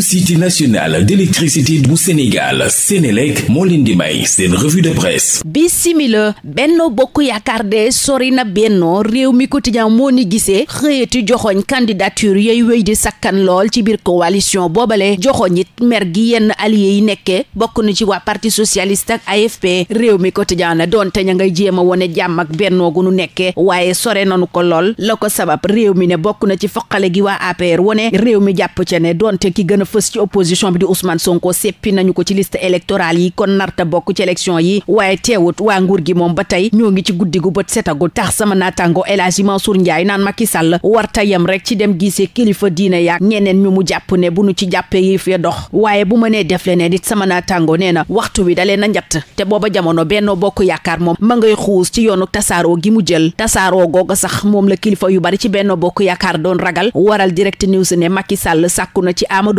société nationale d'électricité bu Sénégal Bokk Yaakaar de sori na bennoo réew mi quotidien moo ni gisee xëyati joxoñ candidature yay wéy di sakkan lool ci biir coalition boobale joxoñ it mer gi yenn alliés yi nekkee bokk na ci waa parti socialiste ak AFP réew mi quotidien na doonte ña ngay jéem a wone jàmm ak bennoo gu nu nekkee waaye sore nanu ko lool la ko sabab réew mi ne bokk ci foqale gi waa APR wone réew mi jàpp ca ne doonte ki gën fës ci opposition bi di Ousmane Sonko seppi nañu ko ci liste électorale yi kon narta bokk ci élection yi waaye teewut waa nguur gi moom ba tey ñoo ngi ci guddi gu bët gu tax sama naataango El Hadji Mansour Ndiaye naan Macky Sall warta yem rek ci dem gisee kilifa diine yaak ñeneen ñu mu jàpp ne bu nu ci jàppee yëf ya dox waaye bu ma nee def leneen it sama naataango nee na waxtu wi dalee na njatt te booba jamono Benno Bokk Yaakaar moom ma ngay xuus ci yoonu tasaaroo gi mu jël tasaaroo googa sax moom la kilifa yu bari ci Benno Bokk Yaakaar doon ragal waral direct news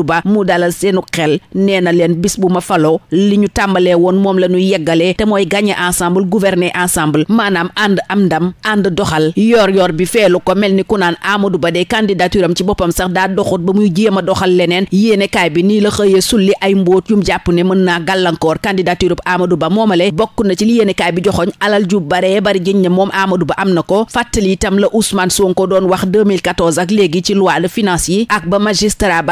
Ba mu dalal seenu xel nee leen bis bu ma faloo li ñu tàmbalee woon moom la ñu yeggalee te mooy gagner ensemble gouverner ensemble maanaam ànd am ndam ànd doxal yoor yoor bi feelu ko mel ni ku naan Amadou Ba de candidature am ci boppam sax daa doxut ba muy jéem a doxal leneen yéenekaay bi nii la xëyee sulli ay mbóot yum jàpp ne mën naa gallankoor candidature bu Amadou Ba moomale bokk na ci li yéenekaay bi joxoñ alal ju baree bari jëñ ne moom Amadou Ba am na ko fàttali itam la Ousmane Sonko doon wax 2014 ak ak ba magistrat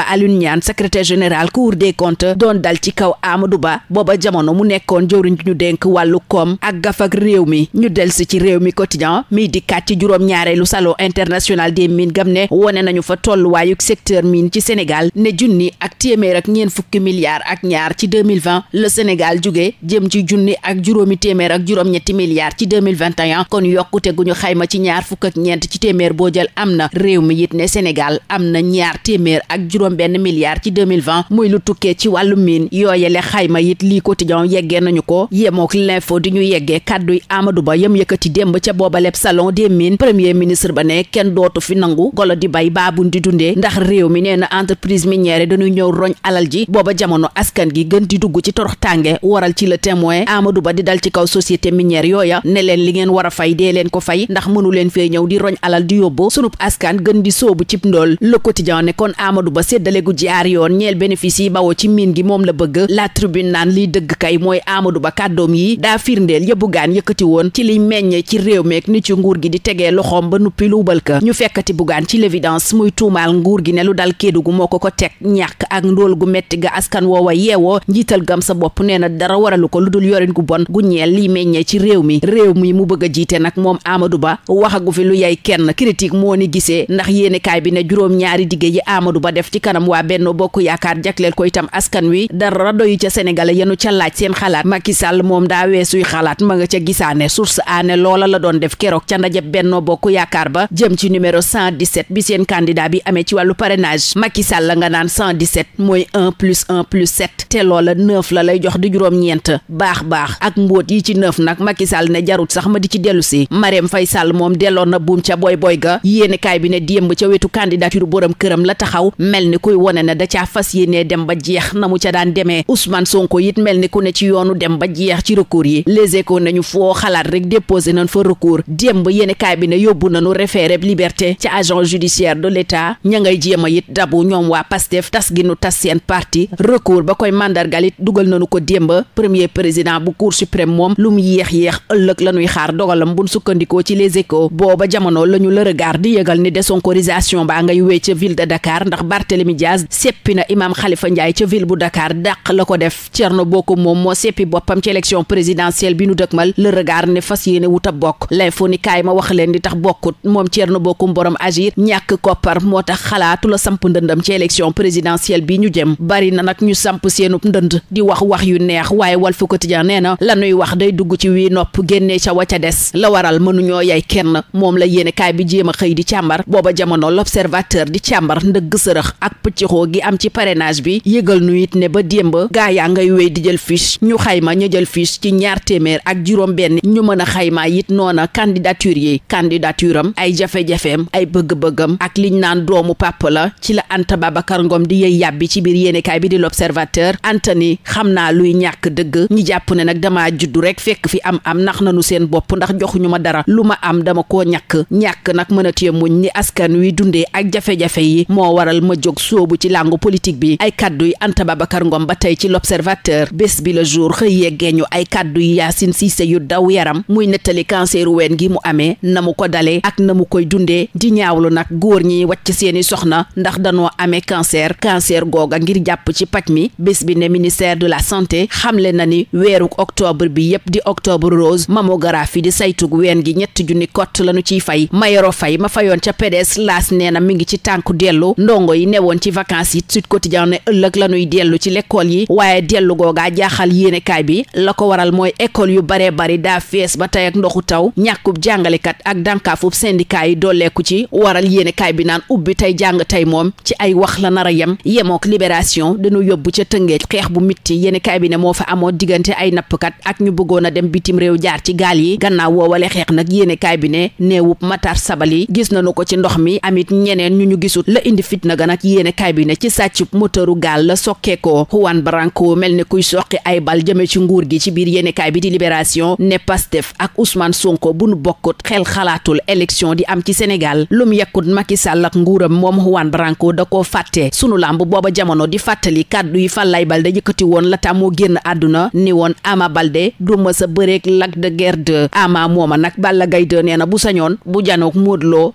secretaire général cour des comptes doon dal ci kaw Amadou Ba booba jamono mu nekkoon jëwriñ ñu dénk wàllu koom ak gafak réew mi ñu delsi ci réew mi quotidien miy dikkaat ci juróom-ñaareelu salon international des mines gam ne wone nañu fa tolluwaayuk secteur miin ci Sénégal ne junni ak téeméer ak ñeen fukki milliards ak ñaar ci 2020 le Sénégal jóge jëm ci junni ak juróomi téeméer ak juróom-ñetti milliards ci 2021 kon yokkute gu ñu xayma ci ñaar fukk ak ñeent ci téeméer boo jël am na réew mi it ne Sénégal am na ñaar téeméer ak juróom benn milliards milliards ci 2020 muy lu tukkee ci wàllu miin yooyele xayma it lii quotidien yeggee nañu ko yemook l'info di ñu yeggee kàdduy Amadou Ba yam yëkkati démb ca boobaleb salon des mines premier ministre ba ne kenn dootu fi nangu golo di bay baabun di dundee ndax réew mi nee na entreprise minière dañuy ñëw roñ alal ji booba jamono askan gi gën di dugg ci torox tànge waral ci le témoin amadu Ba di dal ci kaw société minière yooya ne leen li ngeen war a fay dee leen ko fay ndax mënu leen ñëw di alal di yóbbu sunub askan gën di soobu cib ndool le ñaari yoon ñeel bénéfice yi bawoo ci miin gi moom la bëgg la tribune naan liy dëgg kay mooy Amadou Ba kàddoom yi daa firndeel ya Bougane yëkkati woon ci liy meññe ci réew meek ni ci nguur gi di tegee loxoom ba nuppi luubal gi ne lu dal Kédougou moo ko ko teg ak ndóol gu metti ga askan woowa yeewoo njiital gam sa bopp nee na dara waralu ko lu dul yorin gu bon gu ñeel liy ci réew mi réew mi mu bëgg a jiite nag moom Amadou Ba waxagu fi lu yay kenn critique moo ni gisee ndax yéene kaay bi ne juróom ñaari dige yi Amadou Ba def ci kanam waa Benno bokk yaakaar jagleel ko itam askan wi dara doyu ca sénégalais yenu ca laaj seen xalaat Macky Sall moom daa weesuy xalaat ma nga ca gisaane source aane loola la doon def keroog ca ndaje bennoo bokk yaakaar ba jëm ci numéro 117 bi seen candidat bi amee ci wàllu parrainage Macky Sall la nga naan mooy un plus 1 plus 7 te loola 9 la lay jox di juróom-ñeent baax baax ak mbóot yi ci 9 nag Macky Sall ne jarut sax ma di ci dellu si Marème Faye Sall moom delloon na buum ca boy boy ga yéene kaay bi ne démb ca wetu candidature borom këram la taxaw mel ni na da caa fas yéenee dem ba jeex na mu ca daan demee Ousmane Sonko it mel ni ku ne ci yoonu dem ba jeex ci recours yi les échos nañu foo xalaat rek déposé nañ fa recours démb yéen kaay agent judiciaire de l'état ña ngay jéem a it dabu ñoom waa Pastef tas gi nu tas seen parti recours ba koy mandargalit dugal nañu ko démb premier président bu cour suprême moom lu mu yéex-yéex ëllëg la ñuy xaar dogalam buñ sukkandikoo ci les échos booba jamono la ñu la regard di yëgal ni désonkorisation baa ngay wéy ca ville de Dakar ndax Barthélémy seppi na imaam Khalifa Ndiaye ca ville bu Dakar dàq la ko def Thierno Bocoum moom moo seppi boppam ci élection présidentielle bi nu dëkmal le regard ne fas yéene wut a bokk l'info ni kaay ma wax leen di tax bokkut moom Thierno Bocoum borom agir ñàkk koppar moo tax xalaatu la samp ndëndam ci élection présidentielle bi ñu jëm bari na nag ñu samp seenu ndënd di wax wax yu neex waaye wal Walf Quotidien nee na la nuy wax day dugg ci wii nopp génnee ca wa ca des la waral mënuñoo yay kenn moom la yéene bi jéem a xëy di càmbar booba jamono l'observateur di càmbar ndëgg sërëx am ci parrainage bi yëgal nu it ne ba démb gaa yaa ngay wéy di jël fiche ñu xayma ñu jël fiche ci ñaar téeméer ak juróom benn ñu mën a xaymaa it noona candidature yi candidature am ay jafe-jafeem ay bëgg-bëggam ak liñ naan doomu pàpp la ci la Anta Babacar ngoom di yey yàbbi ci biir yéenekaay bi di l'Observateur Antony xam naa luy ñàkk dëgg ñi jàpp ne nag dama judd rek fekk fi am am nax na nañu seen bopp ndax joxuñu ma dara lu ma am dama koo ñakk ñàkk nag mën a téye ni askan wi dundee ak jafe-jafe moo waral ma jóg soobu ci làng naataango politique bi ay kàddu yi Anta Babacar Ngom ba tey ci l'observateur bés bi la jour xëy yeggee ñu ay kàddu yi Yacine Cissé yu daw yaram muy nettali canceru ween gi mu amee na mu ko dalee ak na mu koy dundee di ñaawlu nag góor ñi wàcc seeni soxna ndax danoo amee cancer cancer googa ngir jàpp ci paj mi bés bi ne ministère de la santé xamle na ni weeru octobre bi yépp di octobre rose mammographie di saytug ween gi ñett junni kott lañu ciy fay mayoro ma fayoon ca it Sud Quotidien ne ëllëg la ñuy dellu ci lekkool yi waaye dellu googaa jaaxal yéenekaay bi la ko waral mooy école yu baree bari daa fees ba tey ak ndoxu taw ñàkkub jàngalekat ak dànkaafub syndicat yi dooleeku ci waral yéenekaay bi naan ubbi tey jàng tey moom ci ay wax la nar a yem yemook libération dañu yóbbu ca tëngee xeex bu mitti yéenekaay bi ne moo fa amoo diggante ay nappkat ak ñu bëggoon a dem bitim réew jaar ci gaal yi gannaaw woowale xeex nag yéenekaay bi ne neewub Matar Sabali gis nañu ko ci ndox mi amit ñeneen ñu ñu gisul la indi fitna gan ak yéenekaay ci sàcc moteuru gaal la sokkee ko Juan Branco mel ne kuy soqi ay bal jëme ci nguur gi ci biir yéenekaay bi di libération ne Pastef ak Ousmane Sonko bu nu bokkut xel xalaatul élection di am ci senegal lum yekkut Macky Sall ak nguuram moom Juan Branco da koo fàtte sunu làmb booba jamono di fàttali kàddu yi Falaye Balde yëkkati woon la tàmmoo génn àdduna ni woon Ama Balde du ma sa bëreeg Lac de Guiers 2 Ama mooma nag Balla Gaye 2 nee na bu sañoon bu janook Modou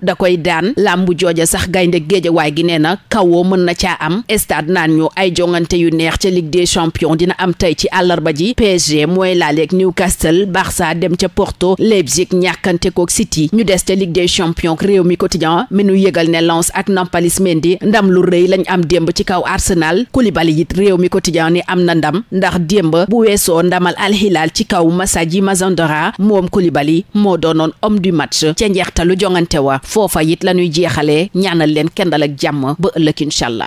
am stade naan ñu ay jongante yu neex ca ligue des champions dina am tey ci àllarba ji PSG mooy laaleeg Newcastle Barça dem ca Porto Leipzig ñàkkante kook City ñu des ca ligue des champions réew mi quotidien mi nu yëgal ne lance ak Nampalys di ndam lu rëy lañu am démb ci kaw Arsenal Koulibaly it réew mi quotidien ni am na ndam ndax démb bu weesoo ndamal Al ci kaw Masaji Mazandara moom Koulibaly moo doonoon homme du match ca njeextalu jongante foofa it lañuy jeexalee ñaanal leen kendal ak jàmm ba ëllëg incha allah